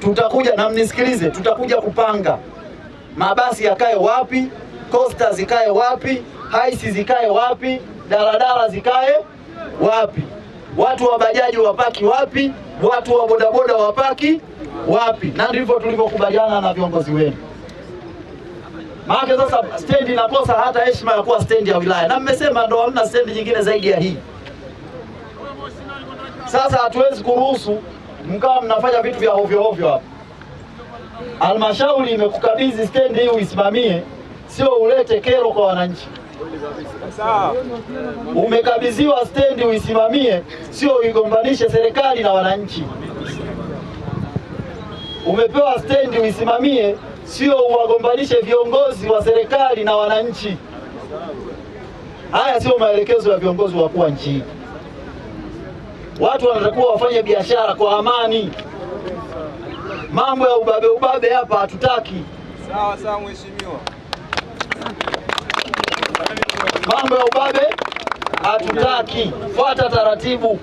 tutakuja na mnisikilize, tutakuja kupanga mabasi yakae wapi, kosta zikae wapi, haisi zikae wapi, daladala zikae wapi, watu wa bajaji wapaki wapi, watu wa bodaboda wapaki wapi, na ndivyo tulivyokubaliana na viongozi wenu. Maana sasa stendi inakosa hata heshima ya kuwa stendi ya wilaya, na mmesema ndo hamna stendi nyingine zaidi ya hii. Sasa hatuwezi kuruhusu mkawa mnafanya vitu vya ovyo ovyo hapa. Halmashauri imekukabidhi stendi hii uisimamie, sio ulete kero kwa wananchi. Umekabidhiwa stendi uisimamie, sio uigombanishe serikali na wananchi. Umepewa stendi uisimamie, sio uwagombanishe viongozi wa serikali na wananchi. Haya sio maelekezo ya viongozi wakuu wa nchi hii. Watu wanatakiwa wafanye biashara kwa amani. Mambo ya ubabe ubabe hapa hatutaki. Sawa sawa, mheshimiwa. Mambo ya ubabe hatutaki, fuata taratibu.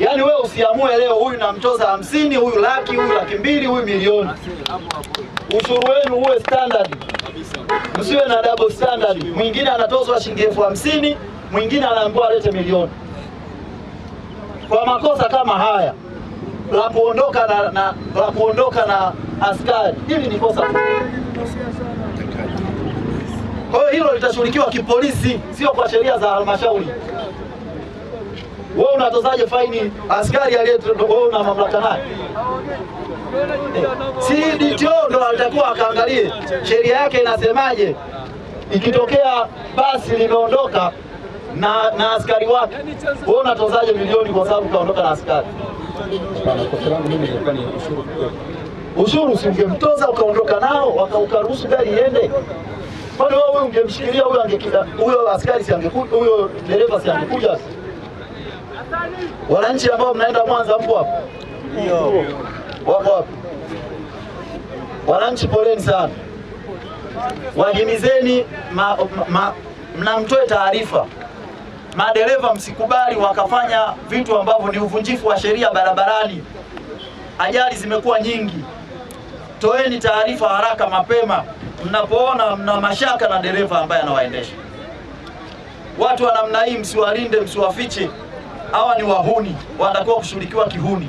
Yaani wewe usiamue leo, huyu namtoza hamsini, huyu laki, huyu laki mbili, huyu milioni. Ushuru wenu uwe standard, msiwe na double standard. Mwingine anatozwa shilingi elfu hamsini, mwingine anaambiwa alete milioni kwa makosa kama haya la kuondoka na, na, la kuondoka na askari, hili ni kosa. Kwa hiyo hilo litashughulikiwa kipolisi, sio kwa sheria za halmashauri. Wewe unatozaje faini askari aliye wewe una mamlaka naye? CDTO eh, ndo alitakuwa akaangalie sheria yake inasemaje, ikitokea basi limeondoka na, na askari wake. Yaani wewe unatozaje milioni kwa sababu kaondoka na askari? Ushuru si ungemtoza ukaondoka nao ukaruhusu gari iende? Kwani wewe ungemshikilia huyo angekida huyo askari si angekuja huyo dereva si angekuja? Wananchi ambao mnaenda Mwanza mpo hapo? Ndio. Wapo hapo. Wananchi poleni sana, wahimizeni mnamtoe taarifa madereva msikubali wakafanya vitu ambavyo ni uvunjifu wa sheria barabarani. Ajali zimekuwa nyingi. Toeni taarifa haraka mapema mnapoona mna mashaka na dereva ambaye anawaendesha. Watu wa namna hii msiwalinde, msiwafiche. Hawa ni wahuni, wanatakiwa kushughulikiwa kihuni.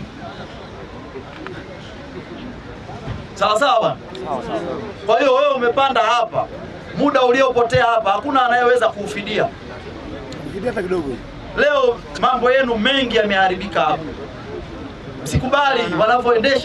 Sawa sawa. Kwa hiyo wewe umepanda hapa, muda uliopotea hapa hakuna anayeweza kuufidia. Kimbia hata kidogo. Leo mambo yenu mengi yameharibika hapo, Msikubali wanavyoendesha